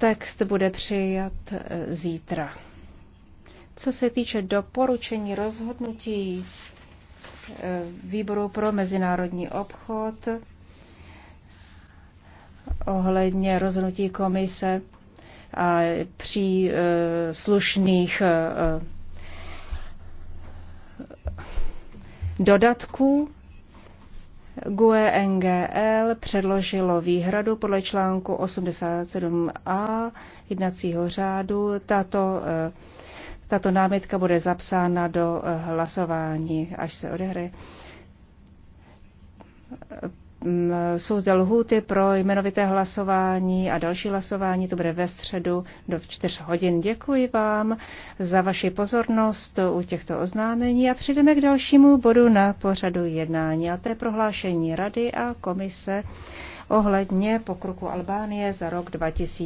Text bude přijat e, zítra. Co se týče doporučení rozhodnutí e, výboru pro mezinárodní obchod ohledně rozhodnutí komise a při e, slušných dodatků, GUE NGL předložilo výhradu podle článku 87a jednacího řádu. Tato, eh, tato námitka bude zapsána do eh, hlasování, až se odehraje. Mm, jsou zde lhůty pro jmenovité hlasování a další hlasování, to bude ve středu do 4 hodin. Děkuji vám za vaši pozornost u těchto oznámení a přijdeme k dalšímu bodu na pořadu jednání a to je prohlášení Rady a komise ohledně pokroku Albánie za rok 2000.